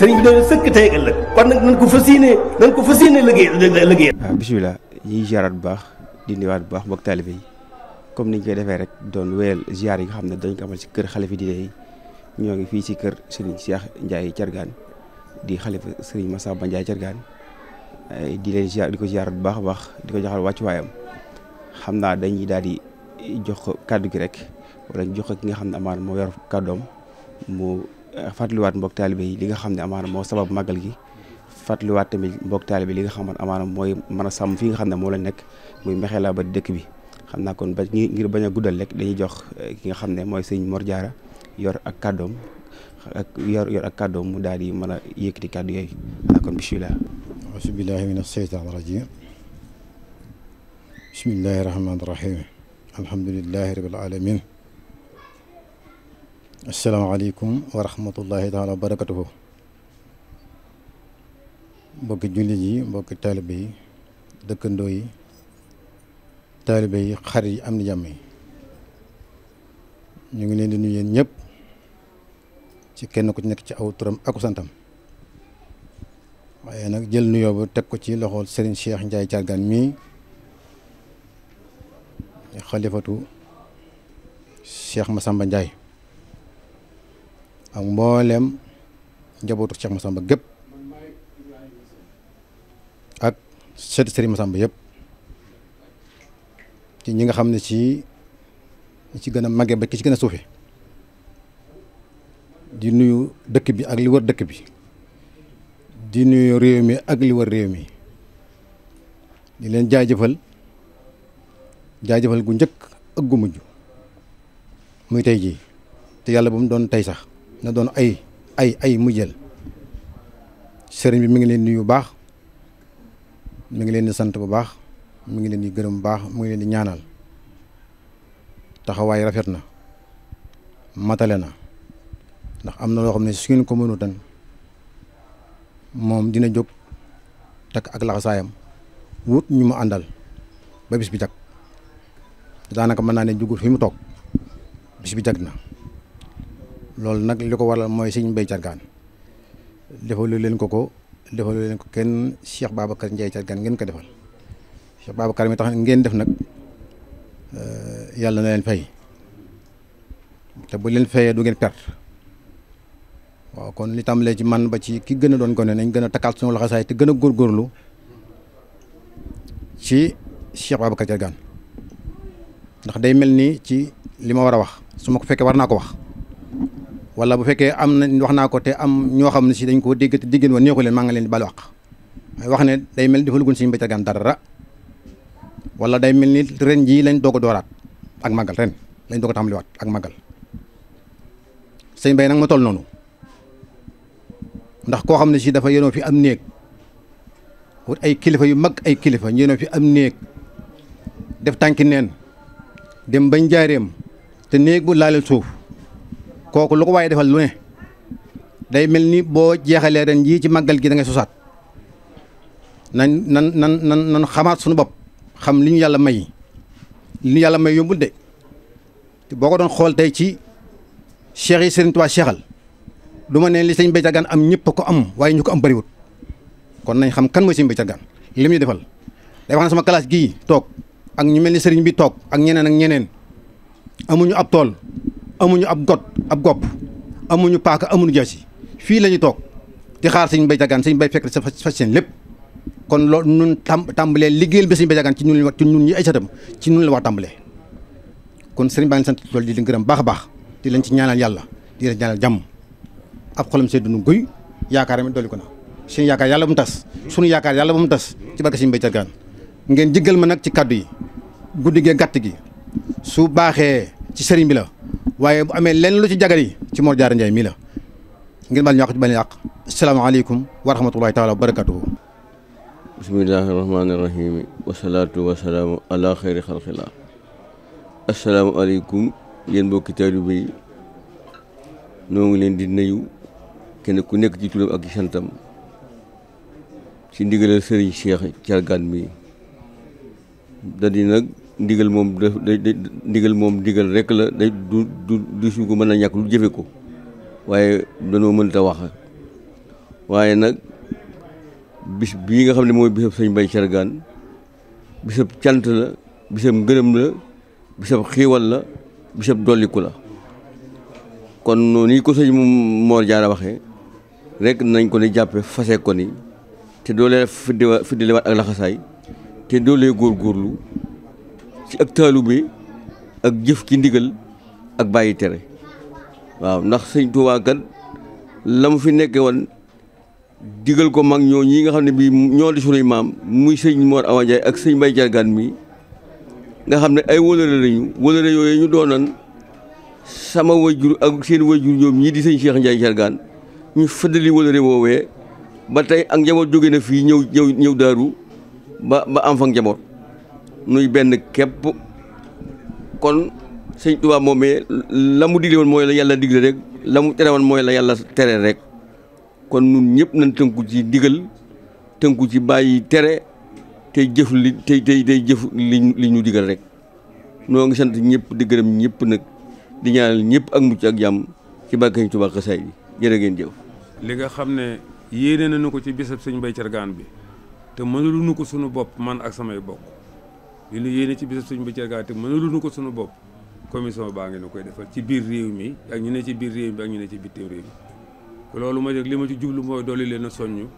sëriñ bi dañu sëkk tey ëllëg kon nag nañ ko fas yéene nañ ko fas yéene liggéey liggéey. waaw ah, bisimilah yiy ziaraat bu baax di ndiwaat bu baax bokk taalibe yi comme niñ koy defee rek doon wéyal ziar yi nga xam ne dañ ko amal ci kër xalifa diine yi ñoo ngi fii ci kër sëriñ Cheikh Ndiaye Thiergane di xalifa sëriñ Massamba Ndiaye Thiergane eh, di leen ziar di ko ziaraat bu baax a baax di ko joxal wàccuwaayam xam naa dañuy daal di jox ko kàddu gi rek wala ñu jox ko ki nga xam ne amaan moo yor kàddoom mu. Euh, fàttaliwaat mbokk taalibe yi li nga xam ne amaana moo sabab màggal gi fàttaliwaat tamit mbokk taalibe li nga xam ne amaana mooy man a sàmm fi nga xam ne moo lañ nekk muy mexee laa ba dëkk bi xam naa kon ba ngir bañ a guddal rek dañuy jox euh, ki nga xam ne mooy sëñ Mor Diarra yor ak kàddoom ak yor yor ak kàddoom mu daal di mën a naa kon bisimilah auzu billahi alamin asalaamaaleykum wa rahmatullahi taala wa barakatuhu mbokki jullit yi mbokki taalibe yi dëkkandoo yi taalibe yi xarit yi am na jàmm yi ñu ngi leen di nuyu yéen ñëpp ci kenn ku ci nekk ci aw turam ak santam waaye nag jël nuyoo ba teg ko ci loxool Serigne Cheikh Ndiaye Thiargane mii xalifatu ma Massamba Ndiaye ak mboolem njabootu Cheikh Massamba gépp ak sët Serigne Massamba yëpp ci ñi nga xam ne ci ci gën a màgge ba ki ci gën a suufe di nuyu dëkk bi ak li wër dëkk bi di nuyu réew mi ak li war réew mi di leen jaajëfal jaajëfal gu njëkk ak gu mujj muy tey jii te yàlla bu mu doon tey sax na doon ay ay ay mu jël sëriñ bi mu ngi leen di yu baax mu ngi leen di sant bu baax mu ngi leen di gërëm bu baax mu ngi leen di ñaanal taxawaay rafet na matale na ndax am na loo xam ne su ngeen ko mënutan moom dina jóg takk ak laxasaayam wut ñu mu àndal ba bis bi jag daanaka mën naa ne jugul fi mu toog bis bi jag na loolu nag li ko waral mooy sëñ Mbay Cargaan defalu leen ko ko defalu leen ko kenn Cheikh Babacar Ndiaye Cargaan ngeen ko defal Cheikh Babacar mi tax ngeen def nag euh, yàlla na leen fay te bu leen fayee du ngeen perte waaw kon li tàmbalee ci man ba ci ki gën a doon gone nañ gën a takkaat suñu laxasaay te gën a góorgóorlu ci Cheikh Babacar Cargaan ndax day mel ni ci li ma war a wax su ma ko fekkee war naa ko wax wala bu fekkee am na wax naa ko te am ñoo xam ne si dañ koo dégg te diggéen woon neexu leen maa nga leen bal wax wax ne day mel dafa lugun siñu béykat gaan dara wala day mel ni ren jii lañ doo ko dooraat ak magal ren lañ doog a tàmbaliwaat ak magal sëñ bay nag ma toll noonu ndax koo xam ne si dafa yenoo fi am néeg wut ay kilifa yu mag ay kilifa ñu yenoo fi am néeg def tànki neen dem bañ jaareem te néeg bu laaleel suuf kooku lu ko waaye defal lu ne day mel ni boo jeexalee ren jii ci màggal gi da ngay sosaat nañ nan nan nan nan xamaat suñu bopp xam li ñu yàlla may li ñu yàlla may yombul de boo ko doon xool tey ci cheikh yi Serigne Touba cheikhal du ma ne li sëñ Mbaye Thiargane am ñëpp ko am waaye ñu ko am bariwut kon nañ xam kan mooy sëñ Mbaye Thiargane li mu defal day wax na sama classe gii toog ak ñu mel ni sëriñ bi toog ak ñeneen ak ñeneen amuñu ab tool amuñu ab got ab gopp amuñu paaka amuñu si fii la ñu toog te xaar sëñ Mbay Jagaan sëñ Mbay fekk sa fas lépp kon loolu nun tàmbalee liggéeyal bi sëñ Mbay Jagaan ci ñun la ci ñun ñi ay satam ci ñun la wax kon sëriñ baa sant loolu di leen gërëm baax a baax di leen ci ñaanal yàlla di leen ñaanal jàmm ab xolam see dund guy yaakaar amit dolli ko na suñu yaakaar yàlla mu tas suñu yaakaar yàlla bu mu tas ci barke sëñ Mbay Jagaan ngeen jéggal ma nag ci kàddu yi guddi gee gàtt gi su baaxee ci sëriñ bi la waaye bu amee lenn lu ci jagar ci Mor Diarra Ndiaye mii la ba baal ñu àq ci bañ a àq salaamaaleykum wa rahmatullahi taala wa barakatuhu bismillahi rahmaani rahim wasalaatu wasalaamu ala xayri xalqillah asalaamaaleykum yéen ngi leen di nuyu kenn ku nekk ci turam ak santam ci ndigalal sëriñ Cheikh Thiargane mi dadi nag ndigal moom da ndigal moom ndigal rek la day du du du suñ ko mën na ñàkk lu jëfe ko waaye danoo mënta wax waaye nag bis bii nga xam ne mooy bisab sëñ bay Baye Thiergane bisab cant la bisab ngërëm la bisab xiiwal la bisab dolliku la kon yi ko sëñ jaar a waxee rekk nañ ko ne jàppe fase ko ni te doo doolee fiddiwaat ak laxasaay te doo góor góorlu ci ak taalube ak jëf ki ndigal ak bàyyi tere waaw ndax sëñ Tuubaa kat la mu fi nekke woon digal ko mag ñoo ñi nga xam ne bii ñoo di sunuy maam muy sëñ Mor Awa Ndiaye ak sëñ Mbay Jargaan mi nga xam ne ay wëlëre lañu wëlëre yooyu ñu doonan sama wajur ak seen wajur ñoom ñii di sëñ Cheikh Ndiaye Jargaan ñu fëddali wëlëre woowee ba tey ak njaboot jóge na fii ñëw ñëw ñëw daaru ba ba am fa njaboot nuy benn képp kon sëñ Tuubaa moomee la mu digle woon mooy la yàlla digle rek la mu tere mooy la yàlla tere rek kon nun ñëpp nañ tënku ci digal tënku ci bàyyi tere tey jëf li tey tey tey jëf li li ñu digal rek noo ngi sant ñëpp di gërëm ñëpp nag di ñaanal ñëpp ak mucc ak jàmm ci bàkkañ Tuubaa xasaay bi jërë ngeen jëf li nga xam ne yéene nañu ko ci bisab sëñ Mbay Cargaan bi te mënulu nu ko sunu bopp man ak samay bokk li nu yéene ci bisu sëñ Bassirou Diakhaté mënaluñu ko sunu bopp commission baa ngi nu koy defal ci biir réew mi ak ñu ne ci biir réew mi ñu ne ci bitim réew loolu ma jóg li ma ci jublu mooy dolli leen a soññ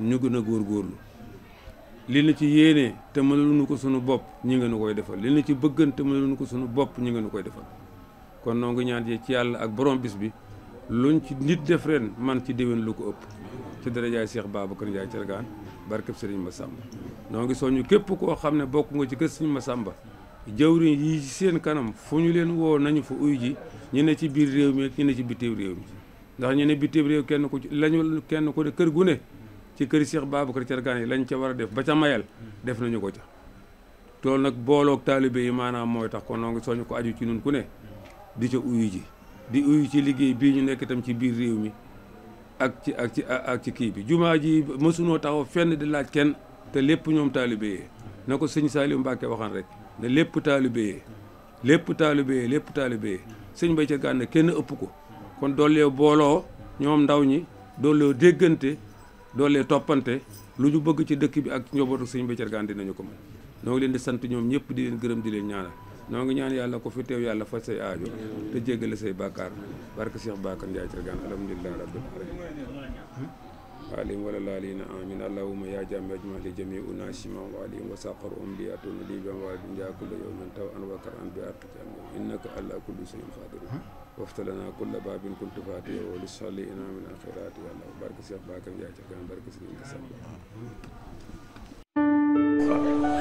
ñu gën a góor góorgóorlu li na ci yéene te mënaluñu ko sunu bopp ñu nga nu koy defal li na ci bëggan te mënaluñu ko sunu bopp ñu nga nu koy defal kon noo ñaan ñaan ci yàlla ak borom bis bi luñ ci nit def ren man ci déwén lu ko ëpp ci darajaay Cheikh Babacar Ndiaye Thiergane barkeb ma Massamba noo ngi soññu képp koo xam ne bokk nga ci kër ma Massamba jëwriñ yi ci seen kanam fu ñu leen woo nañu fa uyu ji ñu ne ci biir réew mi ak ñu ci bitim réew mi ndax ñu ne bitim réew kenn ku ci lañu kenn ku ne kër gu ne ci kër baabu Cheikh Babacar Thiargane yi lañ ca war a def ba ca mayal def nañu ko ca loolu nag booloog taalibe yi maanaam mooy tax kon noo ngi soññu ko aju ci nun ku ne di ca uyu ji di uyu ci liggéey bii ñu nekk itam ci biir réew mi ak ci ak ci ak ci kii bi jumaa ji mësunoo taxaw fenn di laaj kenn te lépp ñoom taalibee yee na ko sëñ Saliou Mbacke waxaan rek ne lépp taalibe yee lépp taalibe lépp taalibee sëñ Bay ca gànn kenn ëpp ko kon doolee booloo ñoom ndaw ñi doolee déggante doolee toppante lu ñu bëgg ci dëkk bi ak njobootu sëñ Bay ca gànn dinañu ko mën ñoo ngi leen di sant ñoom ñëpp di leen gërëm di leen ñaanal noo ngi ñaan yàlla ko fi teew yàlla faj say aajo te jéggale say bàkkaar barke Cheikh Bakar Ndiaye Thiergane alhamdulilah rabbil alamin alim wala laalina amin allahuma ya jami ajmali jami una shima wa alim wa saqar um li atuna li ban wa bin ja kulla yawmin taw an wa kar an bi arqi an kulla babin kuntu fatiha wa li salli ina min al khairati ya allah barke Cheikh Bakar Ndiaye Thiergane